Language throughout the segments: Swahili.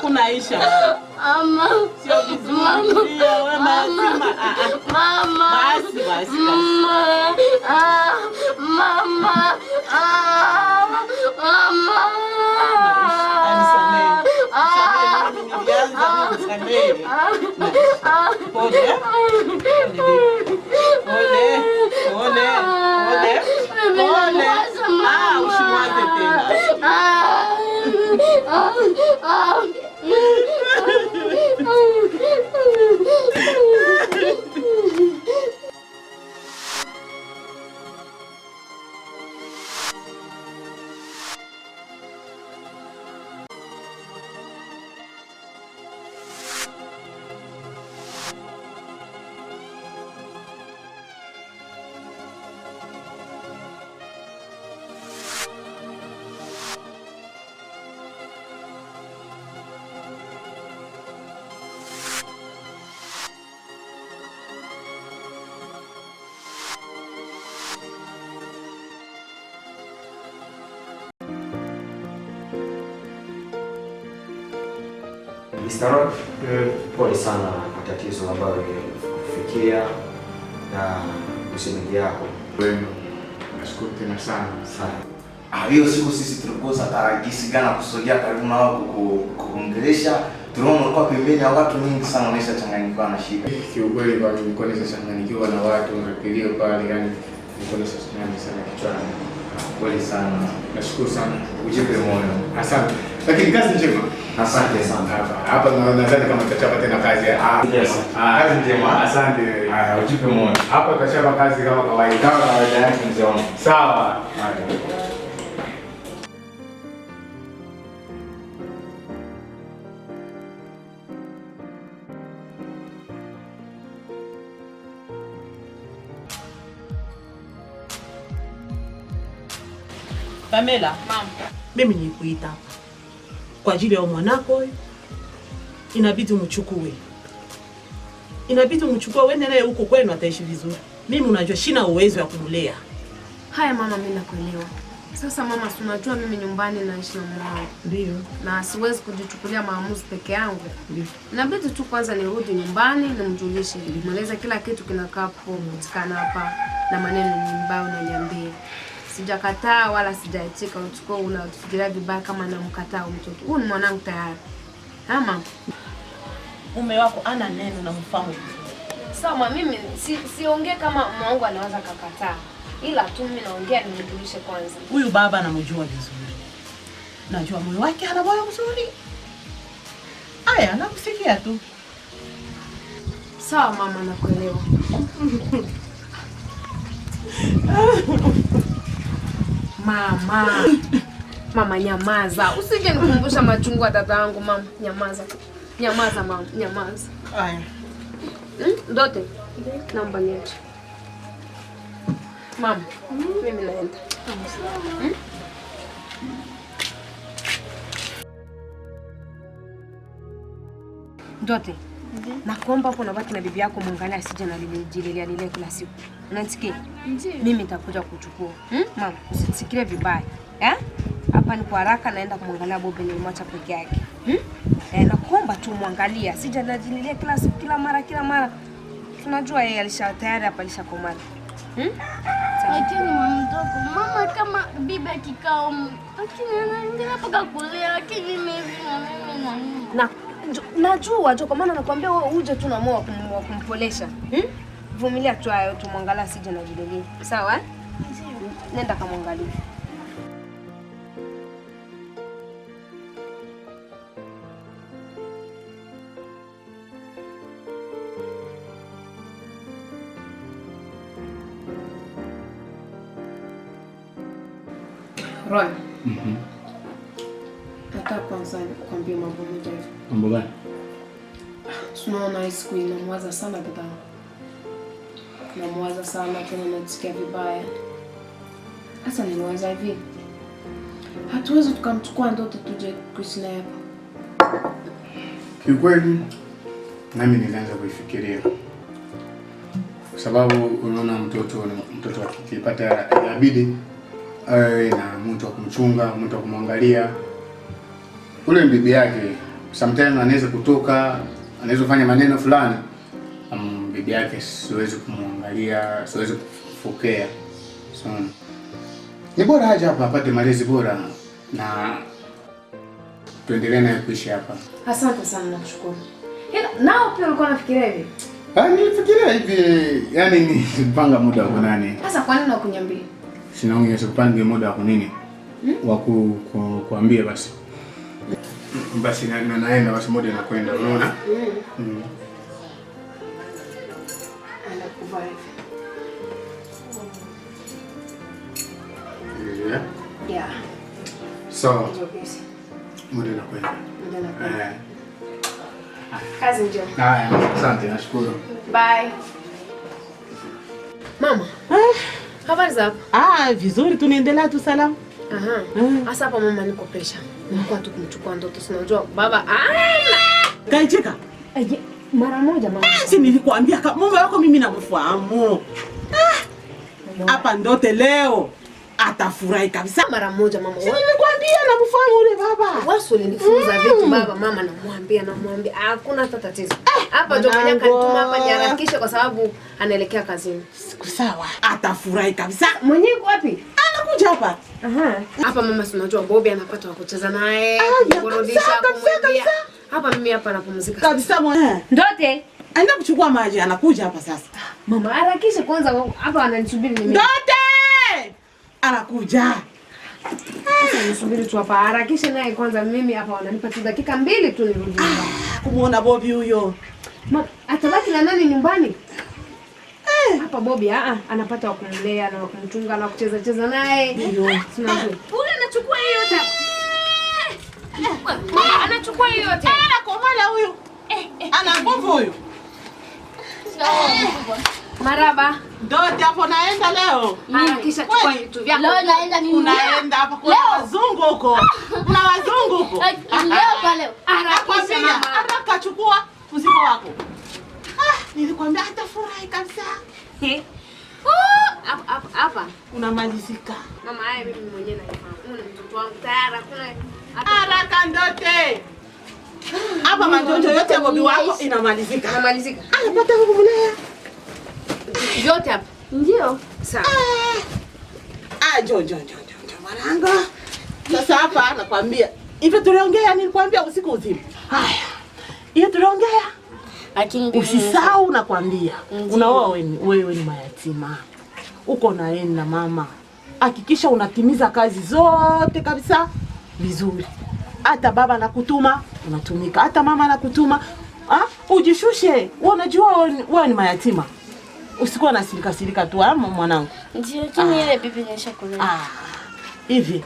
Kunaisha mama, sio vizuri basi basi mama, mama తండ్రి పోలే పోలే పోలే పోలే పోలే ఆ ఉషి మాదితే ఆ ఆ Sarah, eh, pole sana kwa tatizo ambayo kufikia na msingi yako. Nashukuru tena sana sana. Ah, hiyo siku sisi tulikosa tarajisi gana kusogea karibu na wao kukuongelesha. Tunaona ulikuwa pembeni ya watu mingi sana wanaisha changanyikiwa na shida. Kiukweli kwa mimi nilikuwa nisha changanyikiwa na watu na kilio pale, yani nilikuwa nisha changanyikiwa sana kichwani. Pole sana. Nashukuru sana. Ujipe moyo. Asante. Lakini kazi njema. Asante sana. Hapa nadhani kama tutachapa tena kazi. yes. Ah, kazi njema. Asante. Haya, ujipe moyo. Hapa tutachapa kazi kama kawaida. Kama kawaida yake mzee wangu. Sawa. Haya. Pamela, mimi nikuita hapa kwa ajili ya mwanako, inabidi umchukue, inabidi umchukue, uende naye huko kwenu, ataishi vizuri. Mimi unajua sina uwezo wa kumlea. Haya mama, mimi nakuelewa. Sasa mama, tunajua mimi nyumbani naishi na mwanangu. Ndio. Na siwezi kujichukulia maamuzi peke yangu. Ndio. Inabidi tu kwanza nirudi nyumbani nimjulishe, nimweleze kila kitu kinakapopatikana hapa na maneno mbayo naliambia sijakataa wala sijaicheka, uchukua unafikiria vibaya kama namkataa mtoto huyu. Ni mwanangu tayari, ama mume wako ana neno na mfamo sawa. Mimi siongee si kama mwanangu anaweza kakataa, ila tu mimi naongea nimjulishe kwanza. Huyu baba anamjua vizuri, najua moyo wake, ana moyo mzuri. Aya, nakusikia tu. Sawa mama, nakuelewa. Mama, mama nyamaza, usije nikumbusha machungu ya dada yangu. Mama nyamaza, nyamaza mama, nyamaza. Haya hmm? ndote naomba niache mama, mimi naenda. Hmm? Ndote na kuomba hapo unabaki na bibi yako muangalia asije na nilijilelia lile kila siku. Unasikia? Ndio. Mimi nitakuja kuchukua. Hmm? Mama, usisikie vibaya. Eh? Hapa ni kwa haraka naenda kumwangalia Bobi ni mwacha peke yake. Hmm? Eh, na kuomba tu muangalie asije na nilijilelia kila siku kila mara kila mara. Tunajua yeye alisha tayari hapa alisha alishakomaa. Hmm? Lakini mama mdogo, mama kama bibi akikaa, lakini anaendelea paka kulea, lakini mimi na mimi na najua tu, kwa maana nakwambia wewe uje tu na moyo wa kumpolesha. Hmm? Vumilia tu hayo tu, mwangalia sije na jideli. Sawa, nenda kamwangalia. Roy. Unaona, siku hii namwaza sana dadangu, namwaza sana tena, najisikia vibaya. Sasa niliwaza hivi, hatuwezi tukamchukua ndoto tuje kuishi naye hapa. Kiukweli nami nilianza kuifikiria kwa sababu unaona, mtoto mtoto akipata inabidi awe na mtu wa kumchunga, mtu wa kumwangalia. Ule bibi yake sometimes anaweza kutoka anaweza kufanya maneno fulani, um, bibi yake siwezi kumwangalia, siwezi kufokea. So, ni bora aje hapa apate malezi bora na tuendelee naye kuishi hapa. Asante sana, nakushukuru. Nao pia ulikuwa unafikiria hivi? Ah, nilifikiria hivi, yani nilipanga muda wa kunani. Sasa kwa nini hukuniambia? Sinaongea, sikupange muda wa kunini? Hmm? Wa ku kukuambia basi basi na naenda basi, moja nakwenda, unaona mm. so moja nakwenda. Eh. asante, nashukuru. Bye. Mama, eh? habari zako? Ah, vizuri, tu Aha. Sasa eh? hapa mama niko pesha. Nilikuwa tu kumchukua ndoto si unajua baba. Ah! Aje, eh, Mara moja mama. Eh, si nilikwambia mume wako mimi namfahamu. Hapa ah, ndote leo atafurahi kabisa mara moja mama. Si nilikwambia namfahamu yule baba. Wewe ulinifunza mm. vitu baba, mama namwambia namwambia hakuna hata tatizo. Hapa ndio mwenye kanituma hapa niharakishe kwa sababu anaelekea kazini. Siku sawa. Atafurahi kabisa. Mwenyewe wapi? kuja hapa? Aha. Hapa mama si unajua Bobby anapata wa kucheza naye, ah, kurudisha kumwambia. Hapa mimi hapa napumzika. Kabisa mwana. Ah, Ndote. Aenda kuchukua maji, anakuja hapa sasa. Mama harakisha kwanza hapa ananisubiri mimi. Ndote! Anakuja. Sasa nisubiri tu hapa harakisha naye kwanza mimi hapa wananipa tu dakika mbili tu nirudi Ah, kumuona Bobby huyo. Ma atabaki na nani nyumbani? Eh! Hapa Bobby ah, ah anapata wa kumlea na kumtunga na kucheza cheza naye. Ule ah, anachukua hiyo yote. Mama eh, anachukua hiyo yote. Eh, ana komala huyu. Ana nguvu huyu. Maraba. Dote hapo naenda leo. Mimi ah, kisha chukua vitu vyako. Leo naenda mimi. Unaenda hapo kwa wazungu huko. Kuna wazungu huko. Leo kwa leo. Harakisha mama. Haraka chukua mzigo wako. Ah, nilikwambia hata furahi kabisa yake ah! hapa unamalizika. Mama, haya mimi mwenyewe na mtoto wangu tayari hakuna haraka ndote. Hapa matoto yote bobi wako inamalizika. Inamalizika. Anapata ah, huko mlaya. Yote hapa. Ndio. Sawa. Ah, ah jo jo jo jo mwanangu. Sasa hapa nakwambia. Hivyo tuliongea nilikwambia usiku uzima. Haya. Hiyo tuliongea lakini usisahau, nakwambia, unaoa wewe ni mayatima, uko na yeye na mama, hakikisha unatimiza kazi zote kabisa vizuri. Hata baba nakutuma unatumika, hata mama nakutuma ujishushe. Unajua wewe ni mayatima, usikuwa na silika silika tu mwanangu. Ndio tu ah. ile bibi ah. hivi.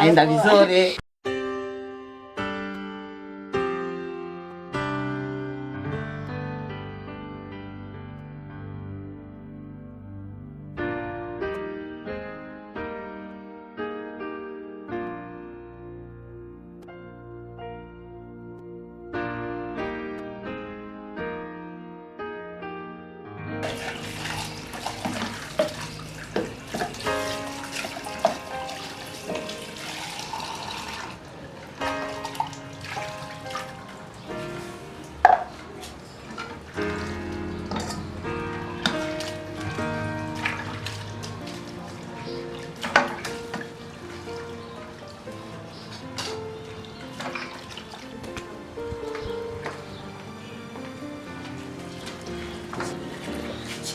Aenda ah, vizuri.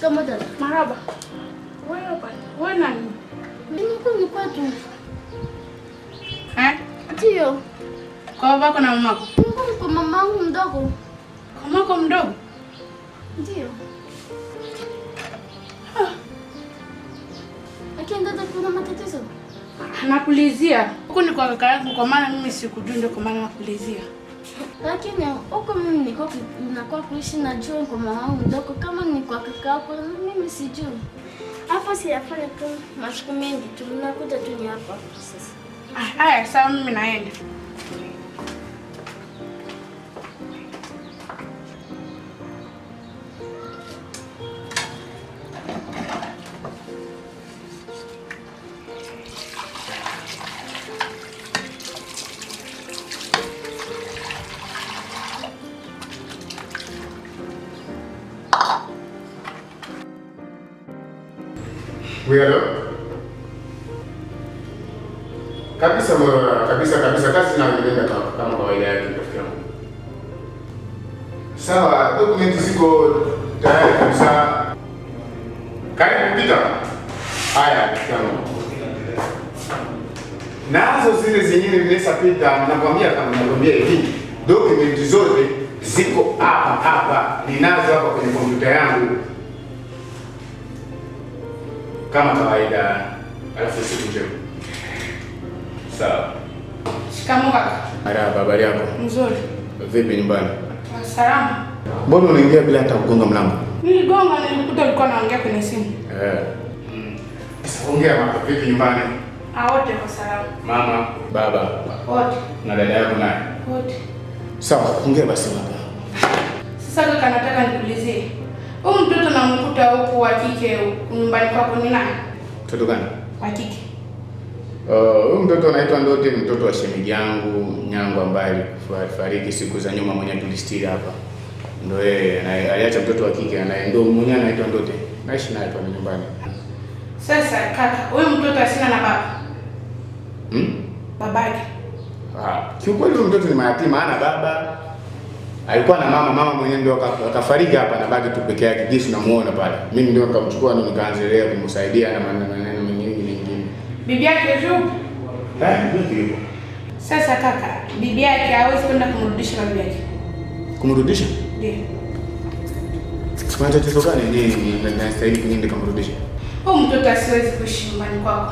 Shikamoo dada. Marhaba. Wewe hapa. Wewe nani? Mimi kwetu. Eh? Ndio. Kwa babako na mamako? Kwa mamangu mdogo. mdogo? Ndio. Ah. Lakini dada, kuna matatizo? Nakulizia. Huko ni kwa kaka yangu, kwa maana mimi sikujua, ndio kwa maana nakulizia lakini huko mimi niko nakuwa kuishi na John kwa mama mdogo, kama ni kwa kaka yako mimi sijui. Hapo siyafanya tu masiku mengi tu, nakuja tu ni hapa ah, sasa. Haya, sawa, mimi naenda. kama kawaida. Alafu siku njema. Sawa. Shikamoo kaka. Marahaba, habari yako? Nzuri. Vipi nyumbani? Salama. Mbona unaingia bila hata kugonga mlango? Niligonga, nilikuta ulikuwa unaongea kwenye simu. Eh. Mm. Ongea mama, vipi nyumbani? Ah, wote kwa salama. Mama, baba, wote. Na dada yako naye? Wote. Sawa, ongea basi mama. Sasa kaka, nataka nikuulizie. Huyu mtoto namkuta huku wa kike nyumbani kwako ni nani? Mtoto gani? Wa kike. Uh, huyu uh, mtoto anaitwa Ndote, mtoto wa shemeji yangu Nyango ambaye alifariki siku za nyuma, mwenye tulistiri hapa. Ndio yeye aliacha mtoto wa kike anaye ndio mwenye anaitwa Ndote. Naishi naye pale nyumbani. Sasa kaka, huyu mtoto asina na baba. Hmm? Babake. Ah, kiukweli huyu mtoto ni mayatima, ana baba alikuwa na mama, mama mwenyewe ndio akafariki hapa, na baki tu peke yake, jinsi namuona pale. Mimi ndio nikamchukua ndio nikaanzelea kumsaidia na maneno mengine mengine. Bibi yake yupo? Eh, yupo. Sasa kaka, bibi yake hawezi kwenda kumrudisha bibi yake. Kumrudisha? Ndio. Kuna tatizo gani? Nini nastahili kunyinda kumrudisha? Huyu mtoto asiwezi kuishi nyumbani kwako.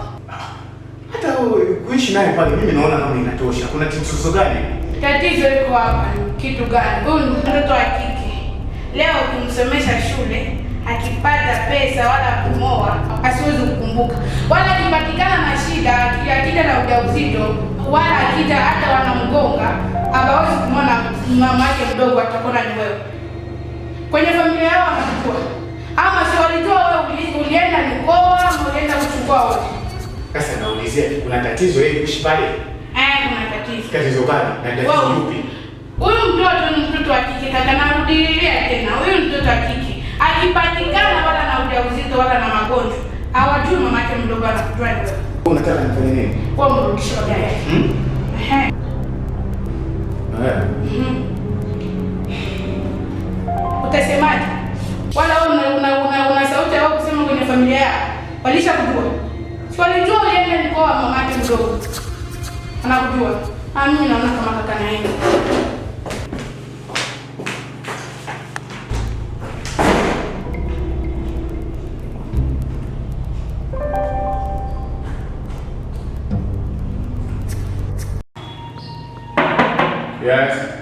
Hata wewe kuishi naye pale, mimi naona kama inatosha. Kuna tatizo gani? Tatizo liko hapa kitu gani? Huyu ni mtoto wa kike, leo kumsomesha shule akipata pesa wala kumoa asiwezi kukumbuka, wala akipatikana na shida, akija na ujauzito wala akija hata wanamgonga hawawezi kumwona mama yake mdogo, atakona ni wewe kwenye familia yao wanachukua ama si walitoa wewe, ulienda ama ulienda kuchukua wote. Sasa naulizia kuna tatizo hili kushibali, eh, kuna tatizo. Tatizo gani na tatizo lipi? Huyu mtoto ni mtoto wa kike kaka, narudilia tena, huyu mtoto wa kike akipatikana wala na ujauzito wala na magonjwa hawajui mama yake mdogo anakutoa wewe. Unataka nifanye nini? Kwa mrudisho wa gari. Hmm? Ehe, eh. utasemaje? Wala wewe una una una sauti au kusema kwenye familia yako walisha kujua, si walijua yeye ni kwa mama yake mdogo anakujua. Amina, naona kama kaka na Yes.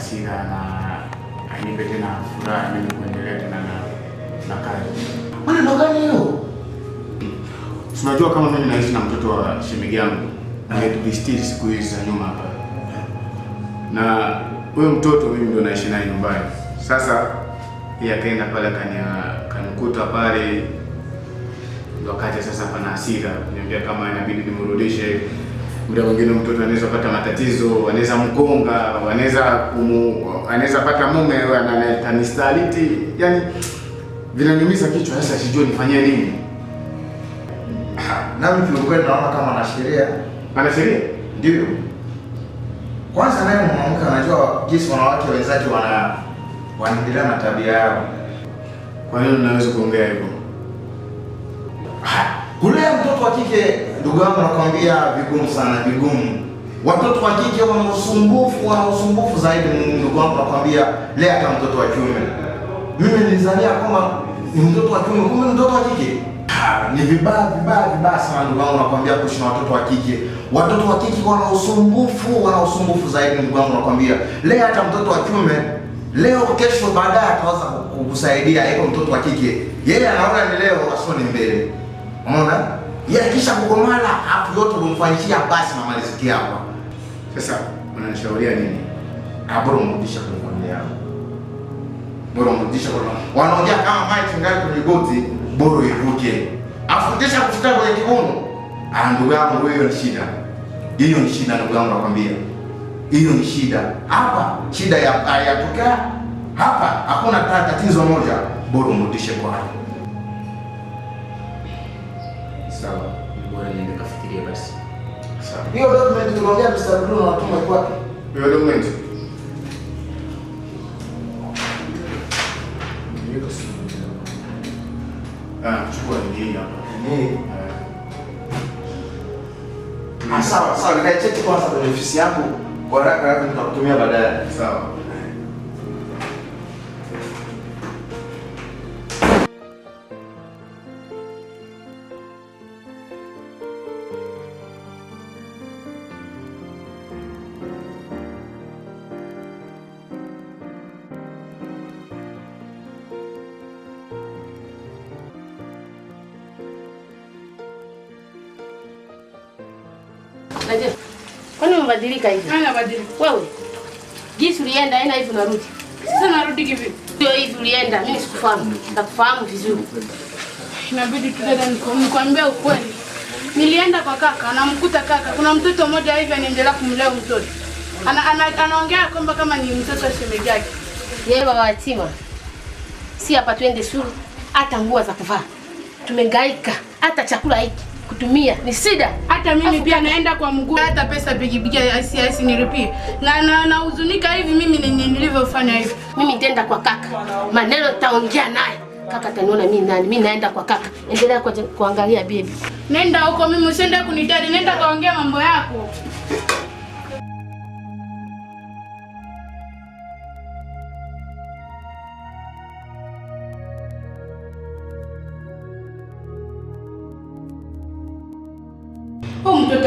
hasira na anipe tena furaha mimi kuendelea tena na na kazi. Mbona ndo gani hiyo? Unajua kama mimi naishi na mtoto wa shemeji yangu. Na tulistiri siku hizi za nyuma hapa. Na huyo mtoto mimi ndio naishi naye nyumbani. Sasa yeye akaenda pale kanya kanikuta pale ndo akaja sasa pana hasira, niambia kama inabidi nimrudishe muda mwingine mtoto anaweza pata matatizo, anaweza mgonga, anaweza kumu, anaweza pata mume mistaliti, yani vinanyumiza kichwa. Sasa sijui nifanyie nini. Nami kiukweli naona kama na sheria, ana sheria ndio kwanza. Naye mwanamke anajua jinsi wanawake wenzake wana wanaendelea na tabia yao. Kwa nini unaweza kuongea hivyo? Kulea mtoto wa kike, ndugu yangu, nakwambia vigumu sana, vigumu. Watoto wa kike wana usumbufu, wana usumbufu zaidi. Ndugu yangu, nakwambia lea kama mtoto wa kiume. Mimi nilizalia kama ni mtoto wa kiume, kumbe mtoto wa kike ni vibaya vibaya vibaya sana ndugu wangu, nakwambia kuishi na watoto wa kike. Watoto wa kike wana usumbufu, wana usumbufu zaidi ndugu wangu, nakwambia lea hata mtoto wa kiume leo, kesho baadaye ataweza kukusaidia. Iko mtoto wa kike yeye anaona ni leo, asoni mbele Umeona? Yeye kisha kukomala hapo yote ulimfanyishia basi na maliziki hapa. Sasa unanishauria nini? Abro ah, mrudisha kwa familia yako. Bora mrudisha kwa wanaongea kama maji ngali kwenye goti, bora ivuke. Afundisha kufuta kwenye kiuno. Ah, ndugu yangu wewe ni shida. Hiyo ni shida ndugu yangu nakwambia. Hiyo ni shida. Hapa shida ya ya tukaa hapa hakuna tatizo moja, bora mrudishe kwake. Sawa, bora niende kafikiria basi. Sawa. Hiyo document tunaongea Mr. Bruno anatuma iko wapi? Hiyo document. Ah, chukua hii hapa. Eh. Ah, sawa, sawa, nitacheki kwanza kwenye ofisi yangu kwa haraka nitakutumia baadaye. Sawa. Kwani umebadilika hivi? Hana badilika. Wewe. Jinsi ulienda aina hivi unarudi. Sasa narudi hivi. Ndio hivi ulienda, mimi sikufahamu. Nakufahamu vizuri. Inabidi tu dada nikwambie ukweli. Nilienda kwa kaka, namkuta kaka. Kuna mtoto mmoja hivi anaendelea kumlea mtoto. Ana, ana, anaongea kwamba kama ni mtoto wa shemeji yake. Yeye baba yatima. Si hapa twende shule, hata nguo za kuvaa. Tumegaika. hata chakula hiki kutumia ni shida. Hata mimi pia naenda kwa mguu, hata pesa pikipiki aisi aisi nilipie na na hivi mimi nilivyofanya hivi. Mimi nitaenda kwa kaka, maneno taongea naye kaka, taniona mimi nani? Mimi naenda kwa kaka, endelea kuangalia bibi. Nenda huko, mimi usiende kunitadi, nenda kaongea mambo yako.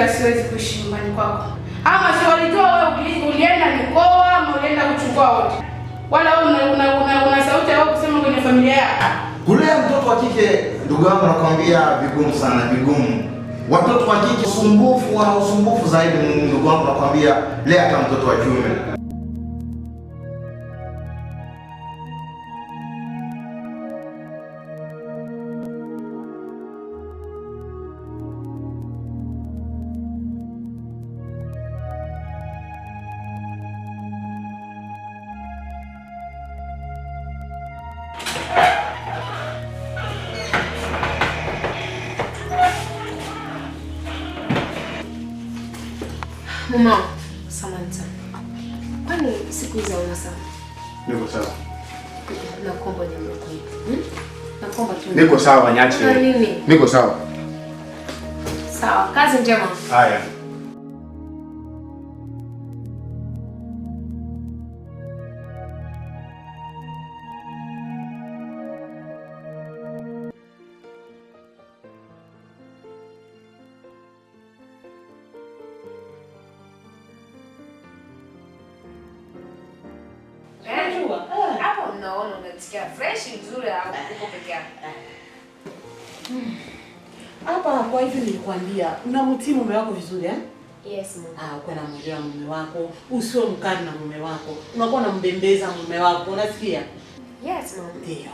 mtu asiwezi kuishi nyumbani kwako, ama si walitoa wewe, ulienda mikoa ama ulienda kuchukua wote, wala wewe una, una, una sauti ya kusema kwenye familia yako. Kulea mtoto wa kike, ndugu yangu, nakwambia vigumu sana, vigumu. Watoto wa kike usumbufu, wana usumbufu zaidi. Ndugu yangu, nakwambia lea kama mtoto wa kiume. Mama, Samantha. Kwani siku Niko sawa. ni hmm? tu. Niko sawa, niache. Niko sawa. Sawa, kazi njema. Haya. unajisikia fresh nzuri ah, eh. uko peke yako. Eh. Hapa hmm. kwa hivyo nilikwambia, unamtii mume wako vizuri eh? Yes, mume. Ah, uko na mjua mume wako, usio mkali na mume wako. Unakuwa unambembeza mume wako, unasikia? Yes, mama. Ndio.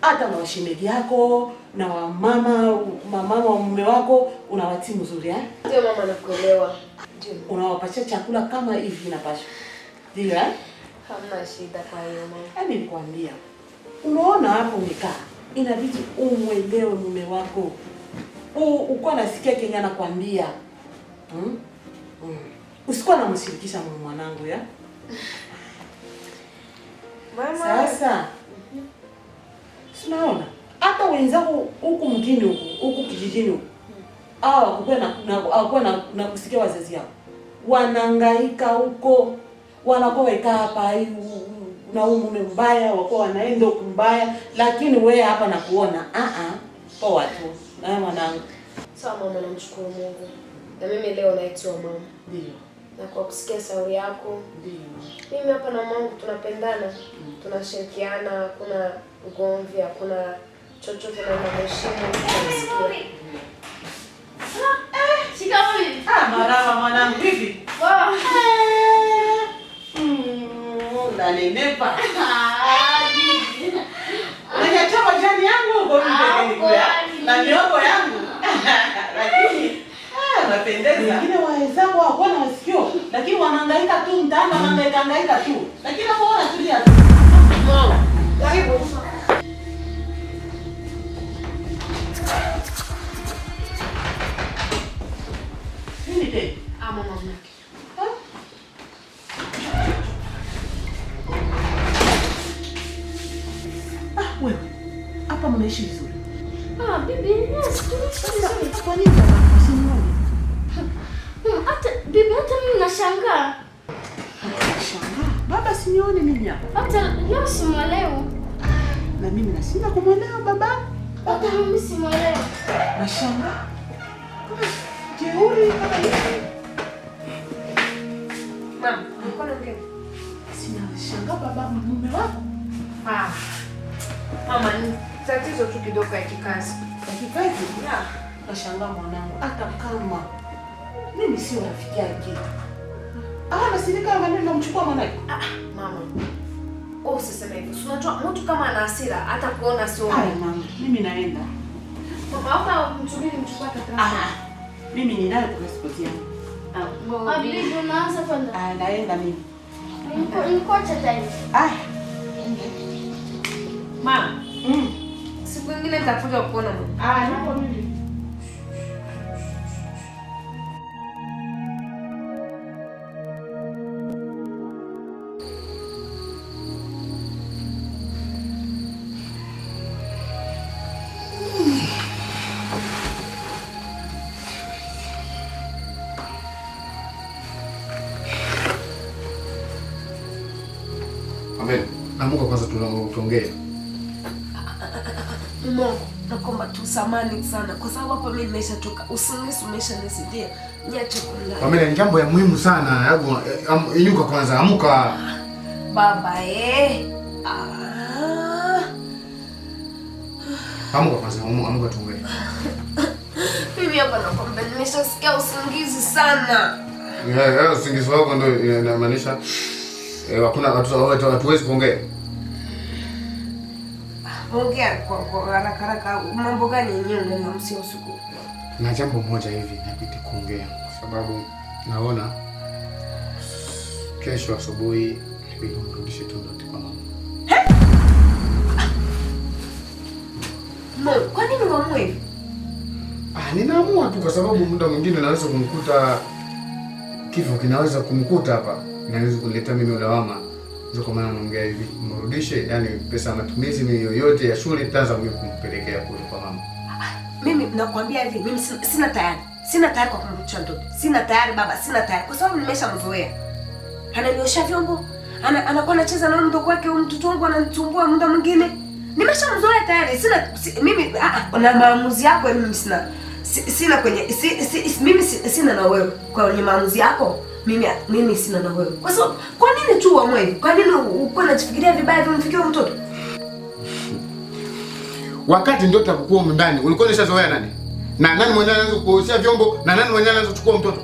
Hata na washemeji yako na wamama mama wa mume wako unawatii mzuri eh? Ndio mama, nakuelewa. Ndio. Unawapatia chakula kama hivi inapaswa. Ndio eh? Hamna shida kwa hiyo mama. Yaani nikwambia. Unaona hapo umekaa. Inabidi umwelewe mume wako. Uko nasikia Kenya anakwambia. Hmm? Hmm. Usikuwa namshirikisha mwanangu ya. Mama. Sasa. Tunaona hata wenzako huku mjini huku huku kijijini huku hawakukuwa na, na, na kusikia wazazi yao wanangaika huko wanakuwa wekaa hapa na huu mume mbaya, wako wanaenda huku mbaya, lakini wewe hapa nakuona a a poa tu na mwanangu. Sawa mama, namshukuru Mungu na mimi leo naitwa mama. Ndio. Na kwa kusikia sauri yako. Ndio. Mimi hapa na mwangu tunapendana, tunashirikiana, hakuna ugomvi, hakuna chochote na maheshimu. Ah, eh, shikamoo. Ah, marhaba mwanangu, vipi? Poa. Eh. Unanenepa. Hmm, Unajatoa majani yangu ah, na miogo yangu. Ah, Wengine wawezao wako na sikio, lakini wanahangaika tu mtaani, wanahangaika hangaika tu. Lakini hapo wanatulia tu. Mama, ni tatizo tu kidogo ya kikazi. Ya kikazi? Yeah. Kashangaa mwanangu, hata kama mimi sio rafiki yake. Ah, nasirika maneno namchukua mwanangu. Ah, ah mama. Oh, siseme hivyo. Unajua mtu kama ana hasira hata kuona sio. Hai mama, mimi naenda. Mama, hapa mtumini mchukua tata. Ah, ah. Mimi ninayo kwa spoti yangu. Ah, mimi unaanza kwanza. Ah, naenda mimi. Niko niko tata. Ah. Mama, mm. Siku nyingine nitakuja kuona. Ah, hapo mimi. Amen. Namuka kwanza tunaongea. Mungu nakomba tusamani sana kwa sababu hapa mimi nimeshatoka, usinisi umeshanisaidia, niache kulala. Pamela, ni jambo ya muhimu sana, hebu inuka kwanza, amka baba eh. Ah, amka kwanza, amka tuwe mimi hapa nakomba, nimeshasikia usingizi sana. Yeah, yeah, usingizi wako ndio inamaanisha eh, hakuna, hatuwezi kuongea ongea kwa haraka haraka, mambo gani yenyewe naamsia usiku? Na jambo moja hivi inabidi kuongea, kwa sababu naona kesho asubuhi inabidi mrudishe tu ndoto kwa mama. Mo, kwa nini unaamua hivi? Ah, ninaamua tu kwa sababu muda mwingine naweza kumkuta kifo, kinaweza kumkuta hapa, Naweza kuleta mimi lawama ndio kwa maana naongea hivi, mrudishe yani pesa ya matumizi mimi yoyote ya shule tanza mimi kumpelekea kule kwa mama. Mimi nakwambia hivi, mimi sina tayari, sina tayari kwa kumrudisha mtoto, sina tayari baba, sina tayari kwa sababu nimeshamzoea. Ananiosha vyombo, ana, anakuwa anacheza na mtoto wake, mtoto wangu ananisumbua muda mwingine. Nimeshamzoea tayari, sina si, mimi a, ah, ah, na maamuzi yako mimi sina sina kwenye si, si, mimi sina na wewe kwa maamuzi yako mimi mimi sina na wewe. Kwa sababu kwa nini tu uamue Kwa nini uko unajifikiria vibaya vimfikie mtoto? Wakati ndio utakuwa ndani, ulikuwa unishazoea nani? Na nani mwenyewe anaanza kuosha vyombo na nani mwenyewe anaanza kuchukua mtoto?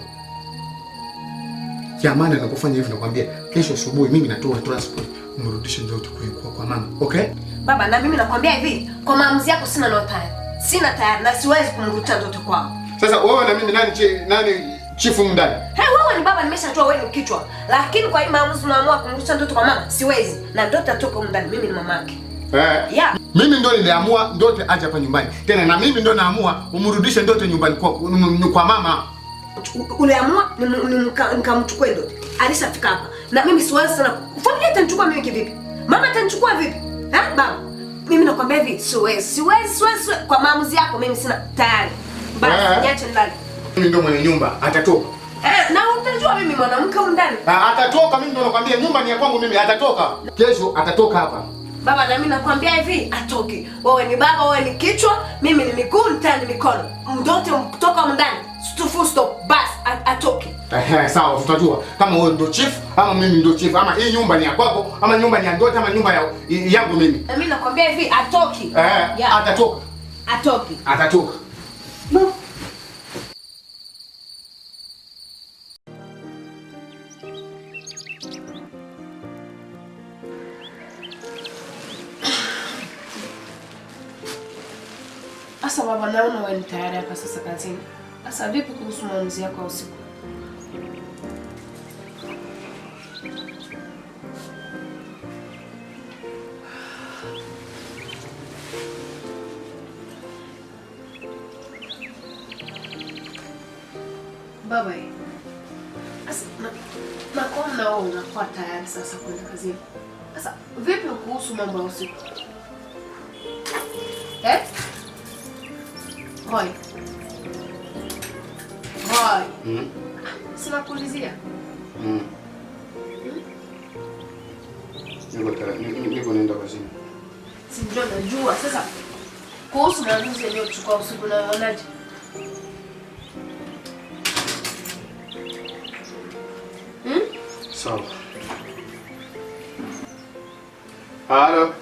Jamani anakufanya hivi nakwambia, kesho asubuhi mimi natoa transport mrudishe ndio mtoto kwa kwa mama. Okay? Baba na mimi nakwambia hivi, kwa maamuzi yako sina tayari. Sina tayari na siwezi kumrudisha mtoto kwao. Sasa wewe na mimi nani nani chifu ndani? Hey, ni yaani baba nimeshatoa wewe ni kichwa. Lakini kwa hii maamuzi unaamua kumrudisha mtoto kwa mama, siwezi. Na ndoto atoka huko ndani, mimi ni mamake. Eh. Yeah. Mimi ndo nimeamua ndoto aje hapa nyumbani. Tena na mimi ndo naamua umrudishe ndoto nyumbani kwa kwa mama. Uliamua nikamchukua ndoto. Alishafika hapa. Na mimi siwezi sana. Familia itanichukua mimi kivipi? Mama itanichukua vipi? Ha? baba. Mimi nakwambia hivi, siwezi, siwezi, siwezi kwa maamuzi yako mimi sina tayari. Basi eh. niache ndani. Mimi ndo mwenye nyumba, atatoka. Eh, na utajua mimi mwanamke huko ndani. Ah, atatoka, mimi ndo nakwambia nyumba ni ya kwangu mimi, atatoka. Kesho atatoka hapa. Baba na mimi nakwambia hivi, atoke. Wewe ni baba, wewe ni kichwa, mimi ni miguu, mtani mikono. Mdote mtoka ndani, Stop stop, bas atoke. Eh, sawa, tutajua kama wewe ndio chief ama mimi ndio chief ama hii nyumba ni ya kwako ama nyumba ni ya ndote ama nyumba ya yangu mimi. Na mimi nakwambia hivi, atoke. Eh, Atatoka. atoke, Atatoka. wanaume wewe ni tayari hapa sasa kazini. Sasa vipi kuhusu maamuzi yako usiku? Baba, eh. sasa na kwa tayari sasa kwenda kazini. Sasa vipi kuhusu mambo ya usiku? si mm. la kuulizia niko naenda kazini, si ndio? Najua sasa kuhusu maamuzi yaliyochukua usiku, unaonaje? Sawa. Halo.